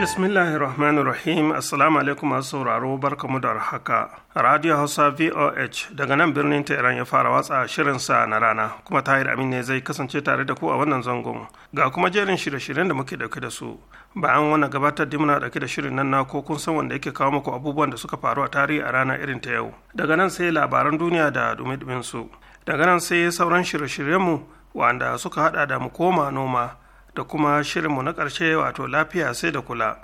bismillahi rahmanir rahim assalamu alaikum masu sauraro barkamu da haka radio hausa voh daga nan birnin tehran ya fara watsa shirinsa na rana kuma tahir amin ne zai kasance tare da ku a wannan zangon ga kuma jerin shirye-shiryen da muke dauke da su bayan wani gabatar da muna dauke da shirin nan na ko kun san wanda yake kawo muku abubuwan da suka faru a tarihi a rana irin ta yau daga nan sai labaran duniya da dumi su daga nan sai sauran shirye-shiryenmu wanda suka hada da mu koma noma da kuma shirinmu na ƙarshe wato lafiya sai da kula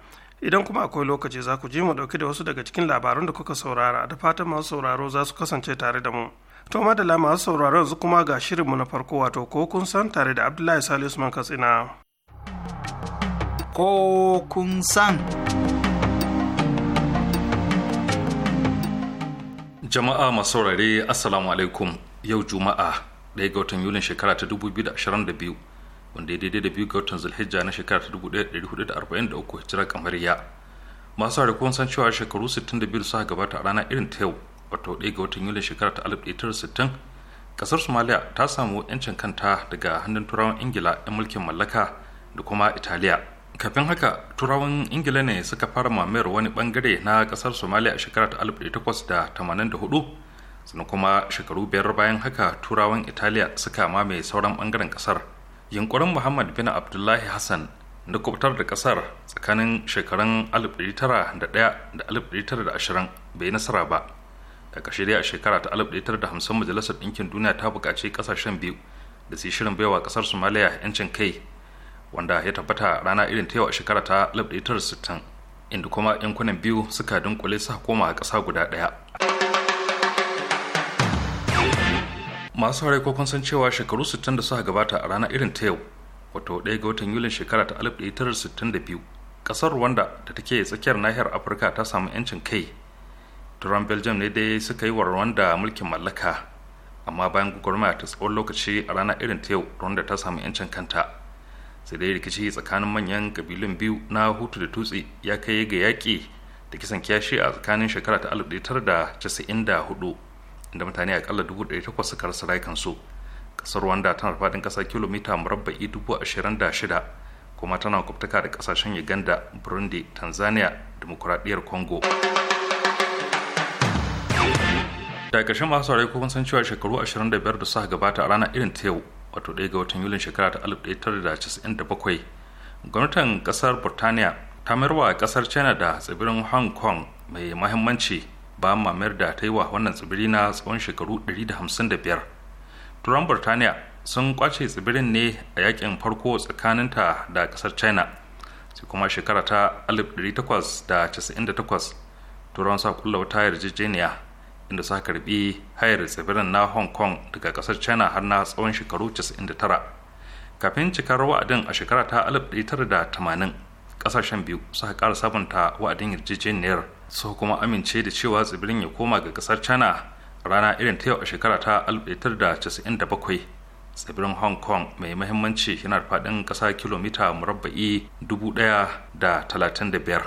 idan kuma akwai lokaci za ku ji mu ɗauki da wasu daga cikin labarun da kuka saurara da fatan masu sauraro za su kasance tare da mu to madala masu sauraro yanzu kuma ga shirinmu na farko wato ko kun san tare da abdullahi salisu usman katsina ko kun san jama'a masu saurare assalamu alaikum yau juma'a ɗaya ga watan yulin shekara ta 2022 wanda ya daidai da biyu ga watan zulhijja na shekarar 1443 hijira kamariya masu hari kuma san cewa shekaru 62 suka gabata a rana irin ta yau wato ɗaya ga watan yulin shekara ta 1960 kasar somalia ta samu 'yancin kanta daga hannun turawan ingila 'yan mulkin mallaka da kuma italiya kafin haka turawan ingila ne suka fara mamayar wani bangare na kasar somalia a shekara ta 1884 sannan kuma shekaru biyar bayan haka turawan italiya suka mamaye sauran bangaren kasar yunkurin muhammad bin abdullahi hassan na kubutar da kasar tsakanin shekarun 1901 da 1920 bai nasara ba da kashe dai a shekara ta 1950 majalisar ɗinkin duniya ta buƙaci ƙasashen biyu da su shirin baiwa ƙasar somaliya 'yancin kai wanda ya tabbata rana irin ta yau a shekara ta 1960 inda kuma yankunan biyu suka dunkule su koma a ƙasa guda ɗaya. masu haure ko kun san cewa shekaru 60 da suka gabata a ranar irin ta yau wato ɗaya ga watan yulin shekara ta 1962 ƙasar rwanda da take tsakiyar nahiyar afirka ta samu 'yancin kai turan belgium ne dai suka yi wa rwanda mulkin mallaka amma bayan gwagwarmaya ta tsawon lokaci a rana irin ta yau rwanda ta samu 'yancin kanta sai dai rikici tsakanin manyan kabilun biyu na hutu da tutsi ya kai ga yaki da kisan kiyashi a tsakanin shekara ta 1994 da mutane akalla 1,800 suka rasa rayukansu kasar wanda tana faɗin ƙasa kilomita murabba'i 26,000 kuma tana kwabtaka da ƙasashen uganda burundi tanzania demokuraɗiyyar congo da ƙarshen masu saurari kuma san cewa shekaru 25 da suka gabata a ranar irin ta yau wato ɗaya ga watan yulin shekara ta 1997 gwamnatin ƙasar burtaniya ta mayar wa ƙasar china da tsibirin hong kong mai mahimmanci bayan mamayar da ta yi wa wannan tsibiri na tsawon shekaru 155 turan burtaniya sun kwace tsibirin ne a yakin farko tsakaninta da kasar china sai kuma shekara ta 1898 turan sa kulla wata yarjejeniya inda sa karbi hayar tsibirin na hong kong daga kasar china har na tsawon shekaru 99 kafin cikar wa'adin a shekara ta 1980 kasashen biyu suka kara sabunta wa'adin yarjejeniyar su kuma amince da cewa tsibirin ya koma ga kasar china rana irin ta yau a shekara ta 1997 tsibirin hong kong mai mahimmanci yana da faɗin ƙasa kilomita murabba'i 1,035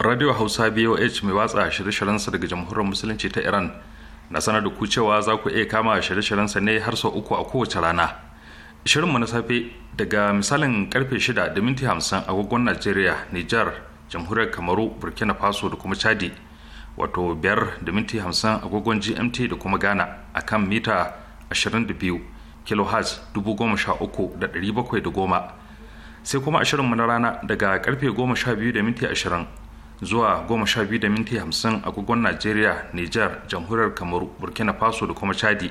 radio hausa boh mai watsa shirye-shiryensa daga jamhuriyar musulunci ta iran na sanar da ku cewa za ku iya kama shirye-shiryensa ne har sau uku a kowace rana shirinmu na safe daga misalin karfe 6 da minti 50 agogon najeriya nijar jamhuriyar kamaru burkina faso da kuma chadi wato 5 da minti 50 agogon gmt da kuma ghana a kan mita 22 kilohertz 13710 sai kuma a shirinmu na rana daga karfe 12 da minti 20 zuwa 12 da minti 50 agogon najeriya nijar jamhuriyar kamaru burkina faso da kuma chadi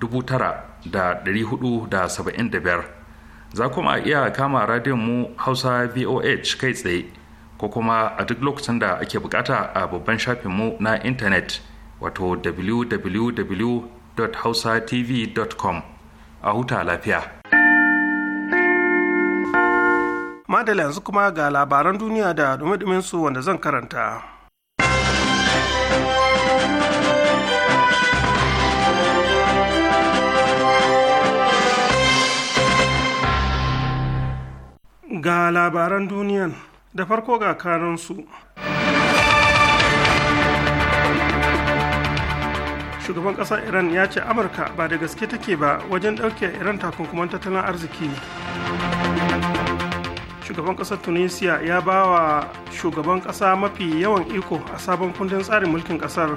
9475 za kuma iya kama radiyon mu hausa voh kai tsaye ko kuma a duk lokacin da ake bukata a babban shafinmu na intanet wato www.hausatv.com a huta lafiya madala yanzu kuma ga labaran duniya da dumi su wanda zan karanta ga labaran duniyan da farko ga karansu shugaban ƙasar iran ya ce amurka ba da gaske take ba wajen ɗauke iran takunkuman tattalin arziki shugaban ƙasar tunisia ya ba wa shugaban ƙasa mafi yawan iko a sabon kundin tsarin mulkin ƙasar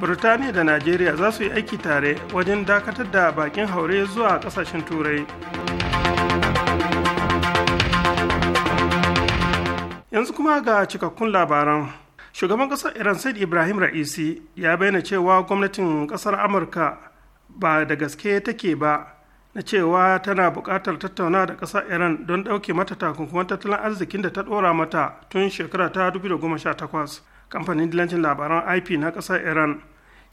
burtaniya da najeriya za su yi aiki tare wajen dakatar da bakin haure zuwa ƙasashen turai yanzu kuma ga cikakkun labaran shugaban ƙasar iran said ibrahim ra'isi ya bayyana cewa gwamnatin ƙasar amurka ba da gaske take ba na cewa tana buƙatar tattauna da ƙasar iran don ɗauke mata takunkuman tattalin arzikin da ta ɗora mata tun shekara ta 2018 kamfanin dilancin labaran ip na ƙasar iran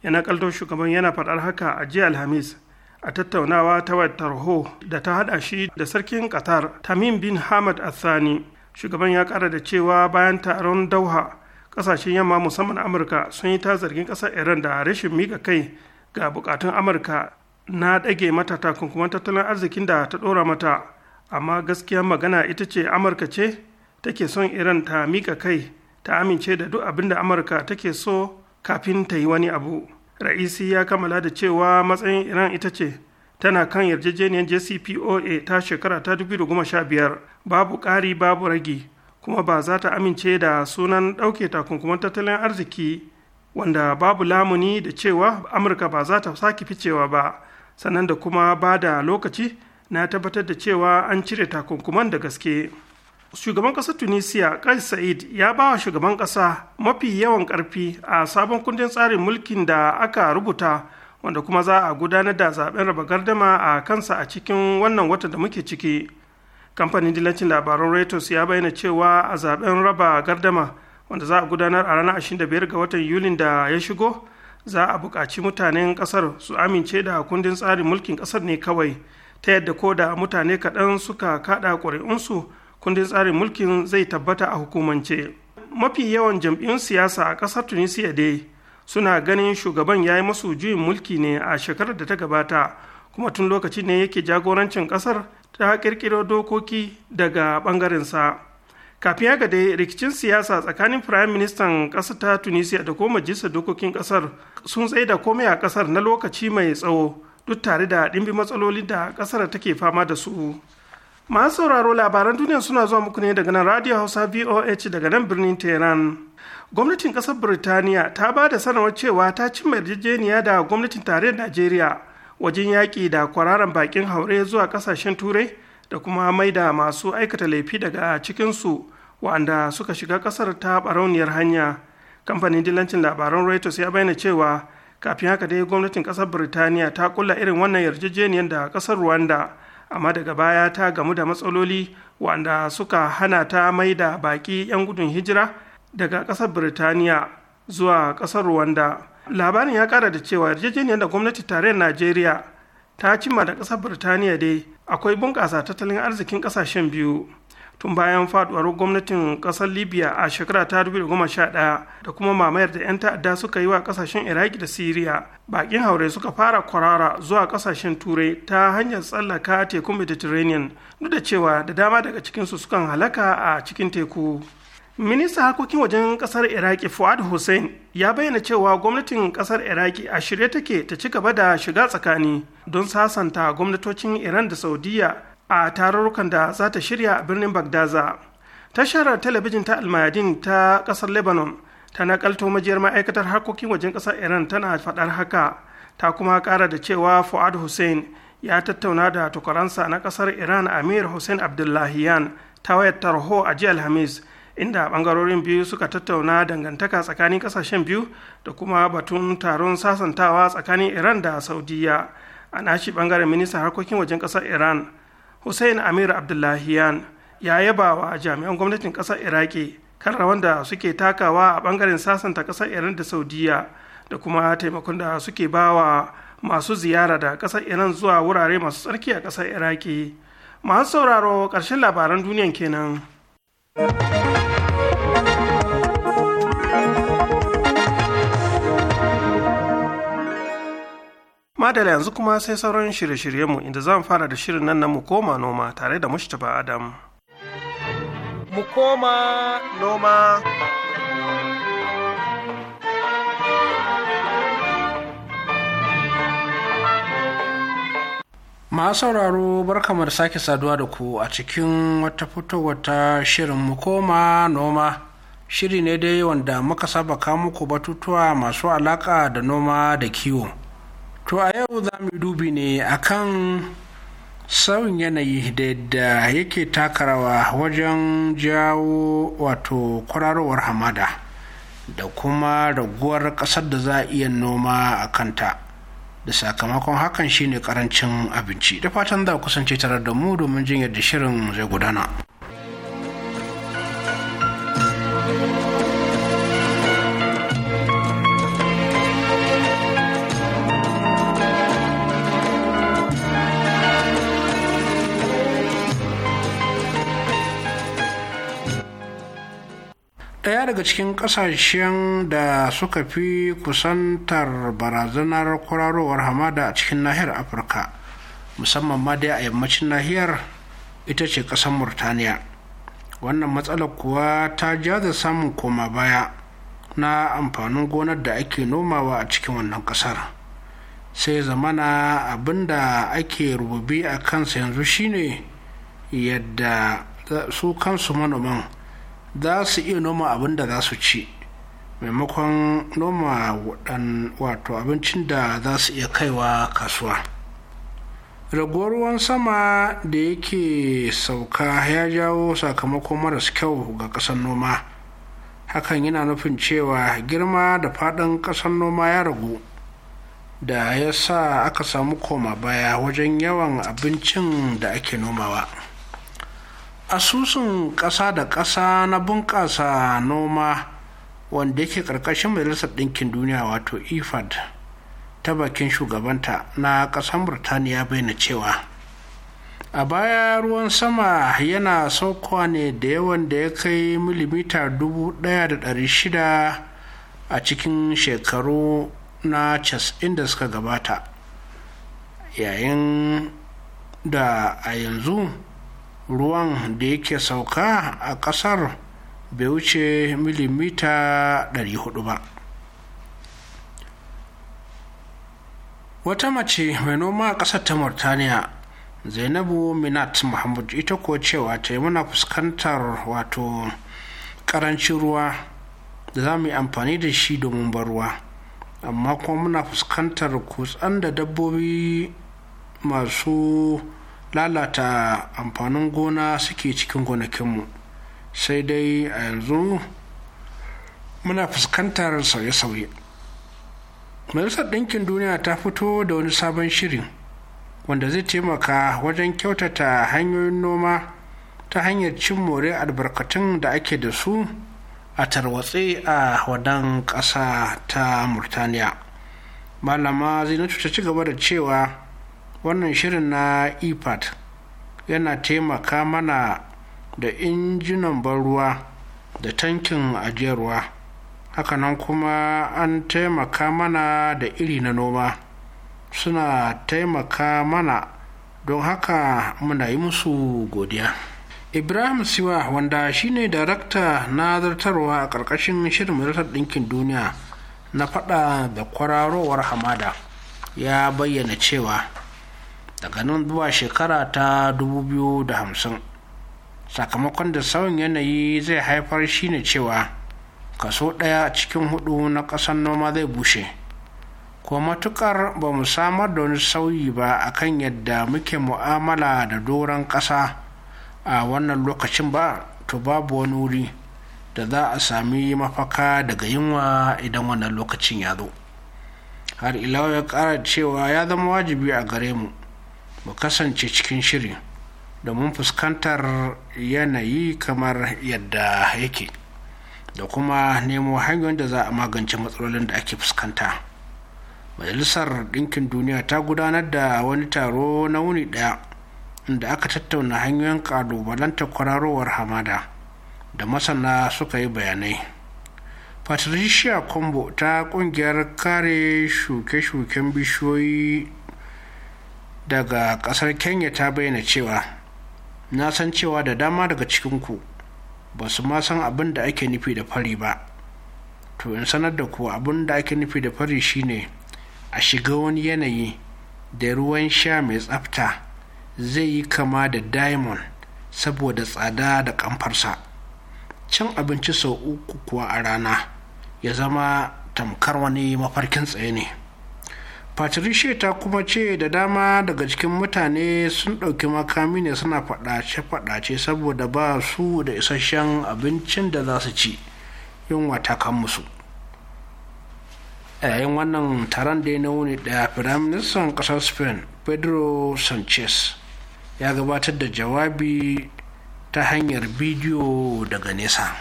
yana kalto shugaban yana faɗar haka a jiya alhamis a tattaunawa ta wayar tarho da ta haɗa shi da sarkin qatar tamim bin hamad athani shugaban ya kara da cewa bayan taron dauha kasashen yamma musamman amurka sun yi ta zargin kasar iran da rashin miƙa kai ga bukatun amurka na ɗage mata takunkuman tattalin arzikin da ta ɗora mata amma gaskiyar magana ita ce amurka ce take son iran ta miƙa kai ta amince da duk abin da amurka take so kafin ta yi wani abu ra'isi ya kammala da cewa matsayin iran ita ce tana kan yarjejeniyar jcpoa ta shekara ta 2015 babu ƙari babu ragi, kuma ba za ta amince da sunan ɗauke takunkuman tattalin arziki wanda babu lamuni da cewa amurka ba za ta sake ficewa ba sannan da kuma ba da lokaci na tabbatar da cewa an cire takunkuman da gaske shugaban ƙasar tunisia kais sa'id ya ba wa shugaban ƙasa mafi yawan ƙarfi a sabon kundin tsarin mulkin da aka rubuta wanda kuma za a gudanar da zaben raba gardama a kansa a cikin wannan watan da muke ciki kamfanin dillacin labaran reuters ya bayyana cewa a zaben raba gardama wanda za a gudanar a ranar 25 ga watan yulin da ya shigo za a buƙaci mutanen ƙasar su amince da kundin tsarin mulkin ƙasar ne kawai ta yadda ko da mutane kaɗan suka kaɗa ƙuri'unsu kundin tsarin mulkin zai tabbata a hukumance mafi yawan jam'iyyun siyasa a ƙasar tunisia dai suna ganin shugaban ya yi masu juyin mulki ne a shekarar da ta gabata kuma tun lokaci ne yake jagorancin kasar ta kirkiro dokoki daga bangarensa kafin haka dai rikicin siyasa tsakanin firayim ministan ƙasar ta tunisia da kuma majalisar dokokin ƙasar sun tsaye da komai a ƙasar na lokaci mai tsawo duk tare da ɗimbi matsalolin da ƙasar take fama da su masu sauraro labaran duniya suna zuwa muku ne daga nan radio hausa voh daga nan birnin tehran gwamnatin kasar birtaniya ta ba da sanarwar cewa ta cimma yarjejeniya da gwamnatin tarayyar najeriya wajen yaƙi da kwararan bakin haure zuwa ƙasashen turai da kuma mai da masu aikata laifi daga cikinsu wa'anda suka shiga ƙasar ta barauniyar hanya kamfanin dilancin labaran reuters ya bayyana cewa kafin haka dai gwamnatin ƙasar birtaniya ta kulla irin wannan yarjejeniyar da ƙasar rwanda amma daga baya ta gamu da matsaloli wa'anda suka hana ta mai da baƙi 'yan gudun hijira daga ƙasar birtaniya zuwa ƙasar rwanda labarin ya ƙara da cewa yarjejeniyar da gwamnati tarayyar najeriya ta cimma da ƙasar birtaniya dai akwai bunƙasa tattalin arzikin ƙasashen biyu tun bayan faduwar gwamnatin ƙasar libya a shekara ta 2011 da kuma mamayar da 'yan ta'adda suka yi wa ƙasashen iraki da siriya bakin haure suka fara kwarara zuwa ƙasashen turai ta hanyar tsallaka tekun mediterranean duk da cewa da dama daga cikinsu sukan halaka a cikin teku ministan harkokin wajen kasar iraki fuad hussein ya bayyana cewa gwamnatin kasar iraki a shirye take ta ci gaba da shiga tsakani don sasanta gwamnatocin iran da saudiya a tarurrukan da za ta shirya a birnin bagdaza tashar talabijin ta almayadin ta kasar lebanon ta nakalto majiyar ma'aikatar harkokin wajen kasar iran tana faɗar haka ta kuma ƙara da cewa fuad hussein ya tattauna da tukaransa na kasar iran amir hussein abdullahiyan ta wayar tarho a jiya alhamis inda bangarorin biyu suka tattauna dangantaka tsakanin kasashen biyu da kuma batun taron sasantawa tsakanin iran da saudiya a nashi bangaren ministan harkokin wajen kasar iran hussein amir abdullahiyan ya yaba wa jami'an gwamnatin kasar iraki kan rawan da suke takawa a bangaren sasanta kasar iran da saudiya da kuma taimakon da suke bawa masu ziyara da kasar iran zuwa wurare masu tsarki a kasar iraki masu sauraro ƙarshen labaran duniyan kenan. Madala yanzu kuma sai sauran shirye-shiryenmu inda zan fara da shirin nan na mu koma noma tare da Mustapha Adam. Mu koma noma. masu sauraro barkamu da sake saduwa da ku a cikin wata fitowar ta shirin mu koma noma shiri ne dai wanda muka saba ka muku batutuwa masu alaka da noma da kiwo to a yau za mu dubi ne akan sauyin yanayi da yadda yake takarawa wajen jawo wato kwararowar hamada da kuma raguwar ƙasar da za a iya noma a kanta da sakamakon hakan shine karancin abinci da fatan za kusance tare da mu domin jin yadda shirin zai gudana ɗaya daga cikin ƙasashen da suka fi kusantar barazanar kwararowar hamada a cikin nahiyar afirka musamman ma dai a yammacin nahiyar ita ce ƙasar murtaniya wannan matsalar kuwa ta jaza samun koma baya na amfanin gonar da ake nomawa a cikin wannan ƙasar sai zamana abin da ake rububi a kansa yanzu shine yadda su kansu manoman za su iya noma abin da za su ci maimakon noma wato abincin da za su iya kaiwa kasuwa raguwar ruwan sama da yake sauka ya jawo sakamako maras kyau ga ƙasar noma hakan yana nufin cewa girma da faɗin ƙasar noma ya ragu da ya sa aka samu koma baya wajen yawan abincin da ake nomawa. asusun ƙasa da ƙasa na bunƙasa noma wanda yake ƙarƙashin majalisar ɗinkin duniya wato ifad e ta bakin shugabanta na ƙasar burtaniya bayyana cewa a baya ruwan sama yana saukowa ne da yawan da ya kai milimita shida a cikin shekaru na cas'in da suka gabata yayin da a yanzu ruwan da yake sauka a kasar bai wuce milimita 400 ba wata mace mai noma a ƙasar ta murtaniya zainabu minat muhammad ita ko cewa ta yi muna fuskantar wato ƙarancin ruwa da za mu yi amfani da shi domin bar ruwa amma kuma muna fuskantar kutsan da dabbobi masu lalata amfanin gona suke cikin gonakinmu sai dai a yanzu muna fuskantar sauye-sauye majalisar ɗinkin duniya ta fito da wani sabon shirin wanda zai taimaka wajen kyautata hanyoyin noma ta hanyar cin more albarkatun da ake da su a tarwatse a wadan ƙasa ta murtaniya malama zinatu ta ci gaba da cewa wannan shirin na ipad yana taimaka mana da injinan ban ruwa da tankin ajiyarwa hakanan kuma an taimaka mana da iri na noma suna taimaka mana don haka muna yi musu godiya ibrahim siwa wanda shine darakta na zartarwa a ƙarƙashin shirin majalisar ɗinkin duniya na faɗa da kwararowar hamada ya bayyana cewa daga nan zuwa shekara ta 2050 sakamakon da sauyin yanayi zai haifar shine cewa kaso ɗaya cikin hudu na ƙasar noma zai bushe ko matukar ba mu samar da wani sauyi ba a kan yadda muke mu'amala da doron ƙasa a wannan lokacin ba to babu wani wuri da za a sami mafaka daga yunwa idan wannan lokacin ya zo har ilawa ya ƙara cewa ya zama wajibi a gare mu mu kasance cikin shiri mun fuskantar yanayi kamar yadda yake da kuma nemo hanyoyin da za a magance matsalolin da ake fuskanta majalisar ɗinkin duniya ta gudanar da wani taro na wuni ɗaya inda aka tattauna hanyoyin ƙalubalanta kwararowar hamada da masana suka yi bayanai patricia combo ta ƙungiyar kare shuke-shuken bishiyoyi daga ƙasar kenya ta bayyana cewa na san cewa da dama daga cikinku ba su ma san abin da ake nufi da fari ba to in sanar da ku abin da ake nufi da fari shine a shiga wani yanayi da ruwan sha mai tsafta zai yi kama da diamond saboda tsada da kamfarsa cin abinci sau uku kuwa a rana ya zama tamkar wani mafarkin tsaye ne patricia ta kuma ce da dama daga cikin mutane sun ɗauki makami ne suna faɗace-faɗace saboda ba su da isasshen abincin da za su ci yunwa ta kan musu yayin wannan taron da na wuni ɗaya firaministan ƙasar spain pedro sanchez ya gabatar da jawabi ta hanyar bidiyo daga nesa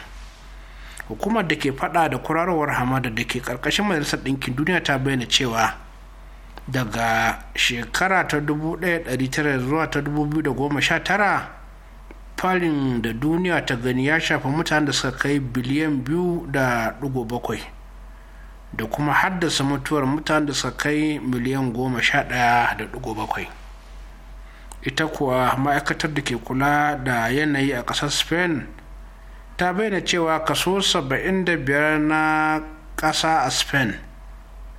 hukumar da ke fada da kurarowar hamada da ke ƙarƙashin majalisar ɗinkin duniya ta bayyana cewa daga shekara ta 1900 zuwa ta 2019 falin da duniya ta gani ya shafa mutane da suka kai biliyan biyu da bakwai da kuma haddasa mutuwar mutane da suka kai miliyan goma sha ɗaya da bakwai ita kuwa ma'aikatar da ke kula da yanayi a ƙasar spain ta bayyana cewa kaso 75 na ƙasa a spain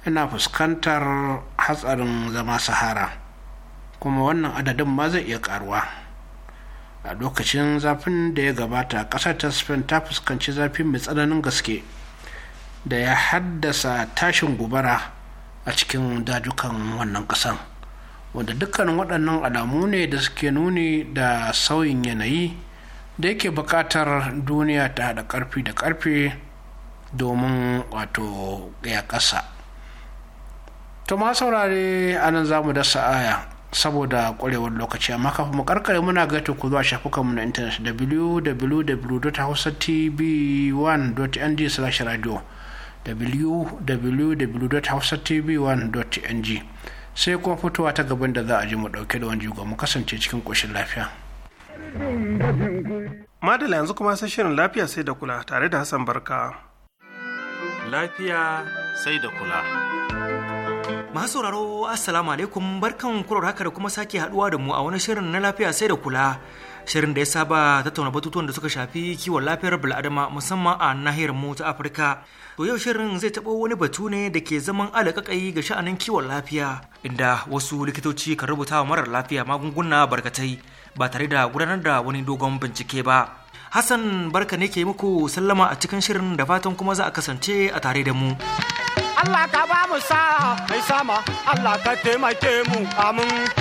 Ina fuskantar hatsarin zama sahara kuma wannan adadin ma zai iya karuwa a lokacin zafin da ya gabata ƙasar ta spain ta fuskanci zafi mai tsananin gaske da ya haddasa tashin gubara a cikin dajukan wannan ƙasan wanda dukkanin waɗannan alamu ne da suke nuni da sauyin yanayi da yake buƙatar duniya ta haɗa ƙarfi da ƙarfe domin wato ya ƙasa to ma saurare anan za mu dasa aya saboda kwarewar lokaci amma kafin mu karkare muna gaita ku zuwa shafukanmu na intanet www.hausatv1.ng slash radio www.hausatv1.ng sai kuma fitowa ta gaban da za a ji mu dauke da wani jigo mu kasance cikin koshin lafiya. Madala yanzu kuma sai shirin lafiya sai da kula tare da Hassan Barka. Lafiya sai da kula. Masu sauraro Assalamu alaikum barkan kurar haka da kuma sake haduwa da mu a wani shirin na lafiya sai da kula. Shirin da ya saba tattauna batutuwan da suka shafi kiwon lafiyar bil'adama musamman a nahiyar mu ta Afirka. To yau shirin zai taɓo wani batu ne da ke zaman alaƙaƙai ga sha'anin kiwon lafiya inda wasu likitoci kan rubuta wa marar lafiya magunguna barkatai ba tare da gudanar da wani dogon bincike ba. Hassan barka ne ke muku sallama a cikin shirin da fatan kuma za a kasance a tare da mu. Allah ka ba mu sa'a mai sama Allah ka taimake mu amin.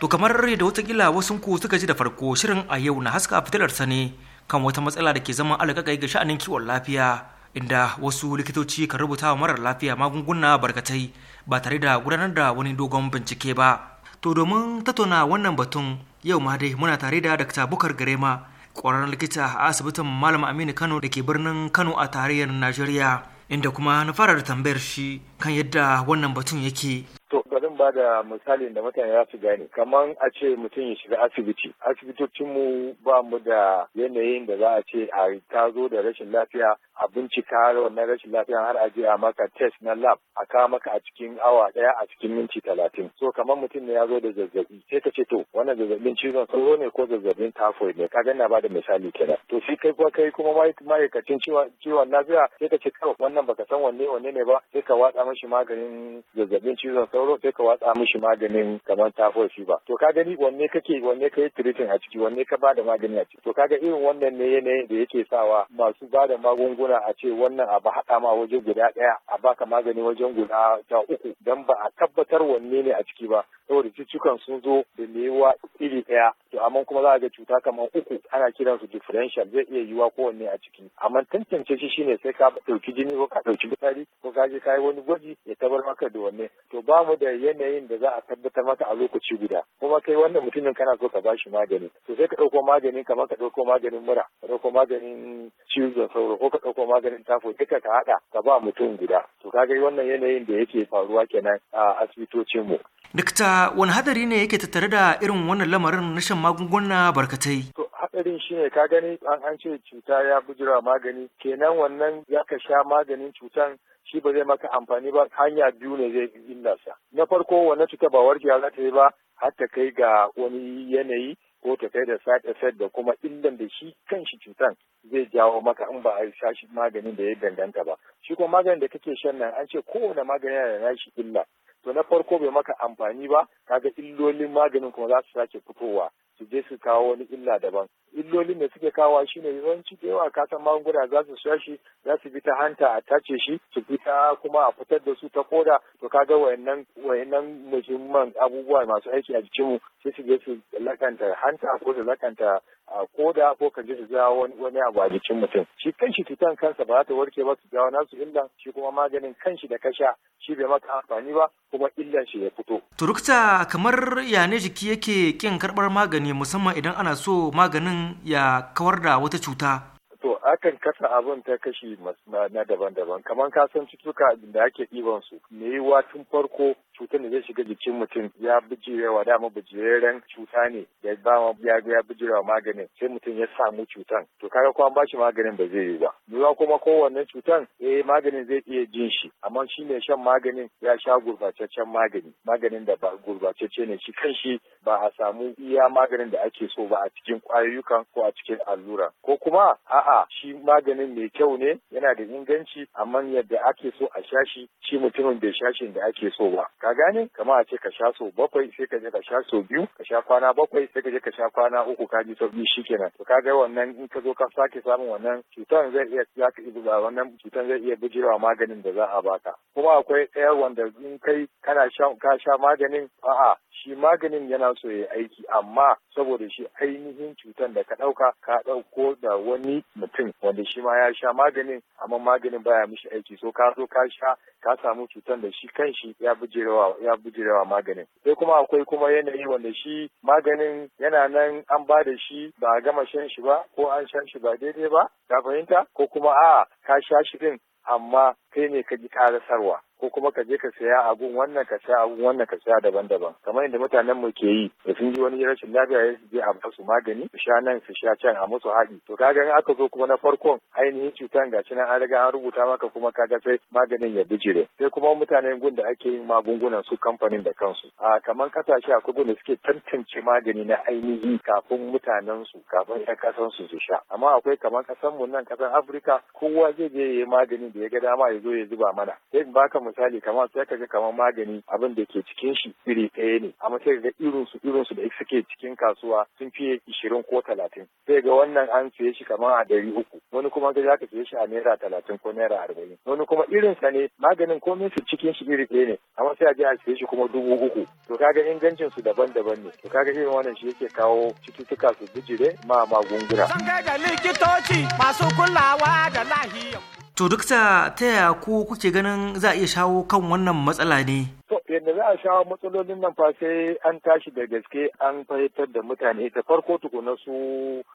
To kamar da watakila wasu ku suka ji da farko shirin a yau na haska fitilar sani kan wata matsala da ke zama alƙaƙai ga sha'anin kiwon lafiya inda wasu likitoci kan rubuta wa marar lafiya magunguna barkatai ba tare da gudanar da wani dogon bincike ba. To domin tattauna wannan batun yau ma dai muna tare da Dr. Bukar Garema ƙwararren likita a asibitin Malam Aminu Kano da ke birnin Kano a tarayyar Najeriya. inda kuma na fara da tambayar shi kan yadda wannan batun yake to zan ba da misali da mutane za su gane kamar a ce mutum ya shiga asibiti asibitocinmu ba mu da yanayin da za a ce a ta zo da rashin lafiya a bincika wannan rashin lafiya har a je a maka test na lab a kawo maka a cikin awa daya a cikin minti talatin so kamar mutum ne ya zo da zazzabi sai ka ce to wannan zazzabin cizon sauro ne ko zazzabin typhoid ne kaga na bada misali kenan to shi kai kuma kai kuma ma'aikacin ciwon lafiya sai ka ce kawai wannan baka san wanne wanne ne ba sai ka watsa mishi maganin zazzabin cizon sauro sai ka watsa mishi maganin kamar typhoid ba. to ka gani wanne kake wanne kai treating a ciki wanne ka bada magani a ciki to kaga irin wannan ne yanayin da yake sawa masu bada magunguna magunguna a ce wannan abu haɗa ma waje guda ɗaya a baka magani wajen guda ta uku don ba a tabbatar wanne ne a ciki ba saboda cututtukan sun zo da mewa iri ɗaya to amma kuma za a ga cuta kamar uku ana kiran su differential zai iya yiwa kowanne a ciki amma tantance shi shine sai ka dauki jini ko ka ɗauki fitsari ko ka je kai wani gwaji ya tabar maka da wanne to ba mu da yanayin da za a tabbatar maka a lokaci guda kuma kai wannan mutumin kana so ka ba shi magani to sai ka ɗauko magani kamar ka dauko maganin mura ka dauko maganin cizon sauro ko ka ɗauko maganin tafo duka ka haɗa ka ba mutum guda to ga wannan yanayin da yake faruwa kenan a asibitocinmu. Dikta wani hadari ne yake tattare da irin wannan lamarin na shan magunguna barkatai. haɗarin shi ne ka gani an an ce cuta ya bujira magani kenan wannan ya ka sha maganin cutan shi ba zai maka amfani ba hanya biyu ne zai illa sa na farko wannan cuta ba warke za ta yi ba har ta kai ga wani yanayi ko ta kai da side effect da kuma illan da shi kanshi cutan zai jawo maka in ba a sha shi maganin da ya danganta ba shi kuma maganin da kake shan nan an ce kowane magani yana da nashi illa to na farko bai maka amfani ba kaga illolin maganin kuma za su sake fitowa su je su kawo wani illa daban illolin da suke kawo shi ne yawanci da yawa kasan magunguna za su sha shi za su bi ta hanta a tace shi su bi kuma a fitar da su ta koda to kaga wayannan wayannan muhimman abubuwa masu aiki a jikinmu sai su je su lakanta hanta ko su lakanta a koda ko ka ji su ja wani abu a jikin mutum shi kanshi cutan kansa ba za ta warke ba su wani nasu illan shi kuma maganin kanshi da kasha shi bai maka amfani ba kuma illan shi ya fito. turukta kamar yane jiki yake kin karbar magani musamman idan ana so maganin ya kawar da wata cuta to akan kasa abin ta kashi na daban-daban kamar kasan cutuka da ake ɗiban su me yiwa tun farko cutar da zai shiga jikin mutum ya bijirewa dama bijireren cuta ne da ba ya ga ya bijirewa maganin sai mutum ya samu cutan to kaga ko ba shi maganin ba zai yi ba yiwuwa kuma kowanne cutan eh maganin zai iya jin shi amma shi ne shan maganin ya sha gurbataccen magani maganin da ba gurbatacce ne shi kan shi ba a samu iya maganin da ake so ba a cikin kwayoyukan ko a cikin allura ko kuma a'a shi maganin mai kyau ne yana da inganci amma yadda ake so a sha shi shi mutumin bai sha shi da ake so ba ka gane kama a ce ka sha so bakwai sai ka je ka sha so biyu ka sha kwana bakwai sai ka je ka sha kwana uku ka ji sauki shikenan to ka ga wannan in ka zo ka sake samun wannan cutar zai iya za ka iya wannan cutar zai iya bujewa maganin da za a baka kuma akwai ɗaya wanda in kai kana sha ka sha maganin a'a shi maganin yana so ya aiki amma saboda shi ainihin cutar da ka ɗauka ka ɗauko da wani mutum wanda shi ma ya sha maganin amma maganin baya mishi aiki so ka zo ka sha ka samu cutar da shi kanshi ya bujewa bujirewa ya bujirewa maganin sai kuma akwai kuma yanayi wanda shi maganin yana nan an ba da shi ba a gama shan shi ba ko an shan shi ba daidai ba ka fahimta ko kuma a ka sha shi din amma kai ne ka ji karasarwa ko kuma ka je ka saya abun wannan ka saya abun wannan ka saya daban-daban kamar yadda mutanen mu ke yi da sun ji wani rashin lafiya ya je a musu magani su sha nan su sha can a musu haɗi to kaga in aka zo kuma na farkon ainihin cutan ga nan an riga an rubuta maka kuma kaga sai maganin ya bijire sai kuma mutanen gun da ake yin magungunan su kamfanin da kansu a kamar kasashe akwai gun da suke tantance magani na ainihi kafin mutanen su kafin ya kasan su su sha amma akwai kamar kasan mu nan kasan Afirka kowa zai je ya yi magani da ya ga dama ya zo ya zuba mana sai baka mu misali kamar sai ka ga kamar magani abin da ke cikin shi iri ɗaya ne amma sai ga irin su irin su da suke cikin kasuwa sun fiye ishirin ko talatin sai ga wannan an siye shi kamar a ɗari uku wani kuma ga za ka siye shi a naira talatin ko naira arba'in wani kuma irin sa ne maganin komai su cikin shi iri ɗaya ne amma sai a je a siye shi kuma dubu uku to kaga ingancin su daban-daban ne to kaga irin wannan shi yake kawo cututtuka su bijire ma magunguna. Sun kai da likitoci masu kulawa da lahiyar. to duk ta yaya ko kuke ganin za a iya shawo kan wannan matsala ne yadda za a shawo matsalolin nan fa sai an tashi da gaske an fahimtar da mutane ta farko tukuna su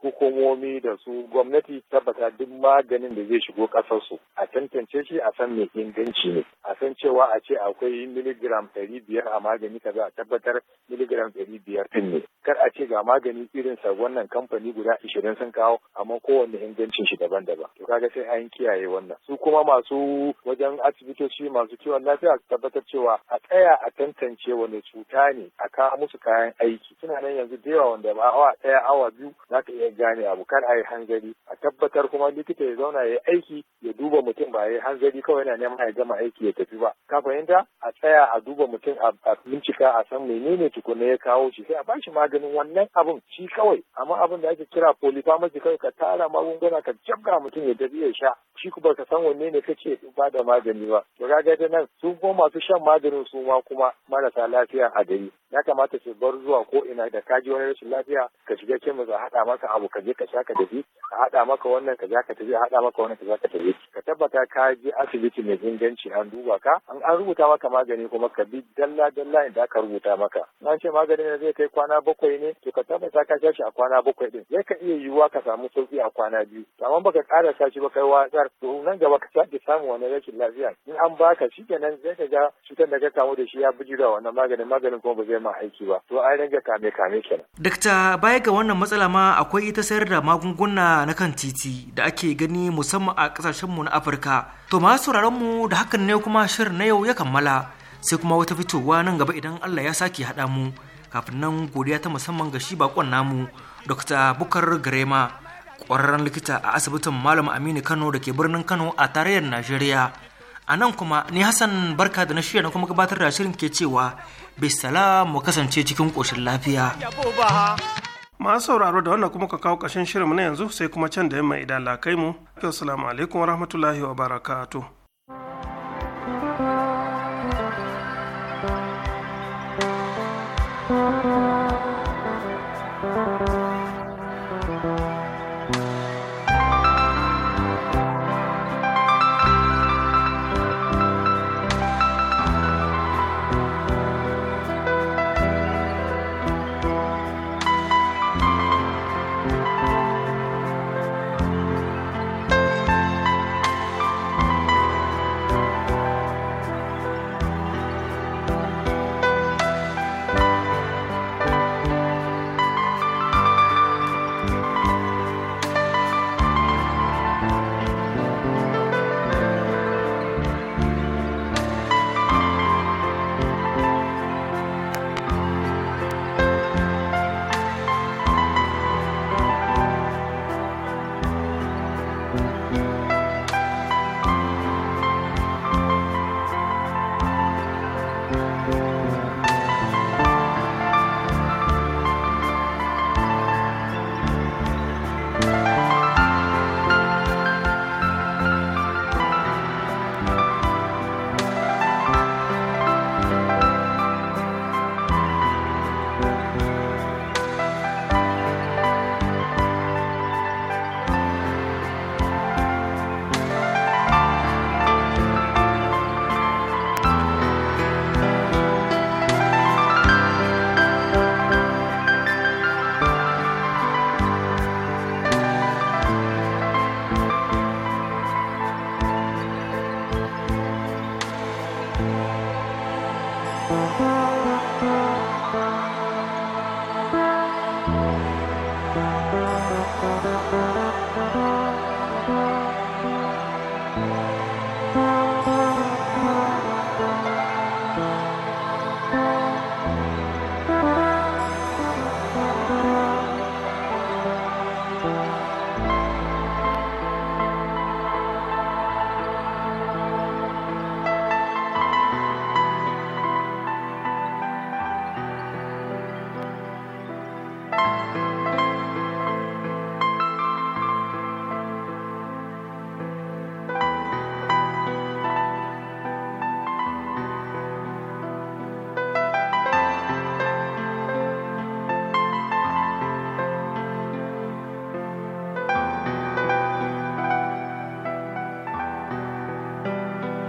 hukumomi da su gwamnati tabbata duk maganin da zai shigo kasarsu a tantance shi a san mai inganci ne a san cewa a ce akwai miligram ɗari biyar a magani kaza a tabbatar miligram ɗari biyar ɗin ne kar a ce ga magani irin sa wannan kamfani guda ishirin sun kawo amma kowanne ingancin shi daban-daban to kaga sai an kiyaye wannan su kuma masu wajen asibitoci masu kiwon lafiya tabbatar cewa a tsaya a tantance wani cuta ne a kawo musu kayan aiki suna nan yanzu da wanda ba awa ɗaya awa biyu za ka iya gane abu kar a yi hanzari a tabbatar kuma likita ya zauna ya yi aiki ya duba mutum ba ya yi hanzari kawai yana neman ya gama aiki ya tafi ba ka fahimta a tsaya a duba mutum a bincika a san menene tukuna ya kawo shi sai a bashi maganin wannan abun shi kawai amma abin da ake kira polypharmacy kawai ka tara magunguna ka jabga mutum ya tafi ya sha shi kuma ka san wanne ne kake ba da magani ba to kaga nan sun kuma masu shan maganin su su kuma marasa lafiya a gari ya kamata su bar zuwa ko ina da kaji wani rashin lafiya ka shiga kemis a haɗa maka abu ka je ka sha ka tafi a haɗa maka wannan ka za ka tafi a haɗa maka wannan ka za ka tafi ka tabbata ka je asibiti mai inganci an duba ka an an rubuta maka magani kuma ka bi dalla dalla inda aka rubuta maka an ce maganin da zai kai kwana bakwai ne to ka tabbata ka sha shi a kwana bakwai din zai ka iya yiwuwa ka samu sauki a kwana biyu amma baka ƙara shi ba kai watsar to nan gaba ka sake samu wani rashin lafiya in an baka kenan zai ka ga cutar da ka damu da shi ya da wannan maganin maganin kuma ba zai ma aiki ba to an ranga kame kame kenan. dakta baya ga wannan matsala ma akwai ita sayar da magunguna na kan titi da ake gani musamman a kasashen mu na afirka to masu mu da hakan ne kuma shirin na yau ya kammala sai kuma wata fitowa nan gaba idan allah ya sake hada mu kafin nan godiya ta musamman ga shi bakon namu dr bukar garema kwararren likita a asibitin malam aminu kano da ke birnin kano a tarayyar najeriya a nan kuma ni hassan barka da na shirya na kuma gabatar da shirin ke cewa bisala mu kasance cikin ƙoshin lafiya masu sauraro da wannan kuma ka kawo ƙashin shirin na yanzu sai kuma can da yamma idan lakai mu alaikum wa rahmatullahi wa barakatuh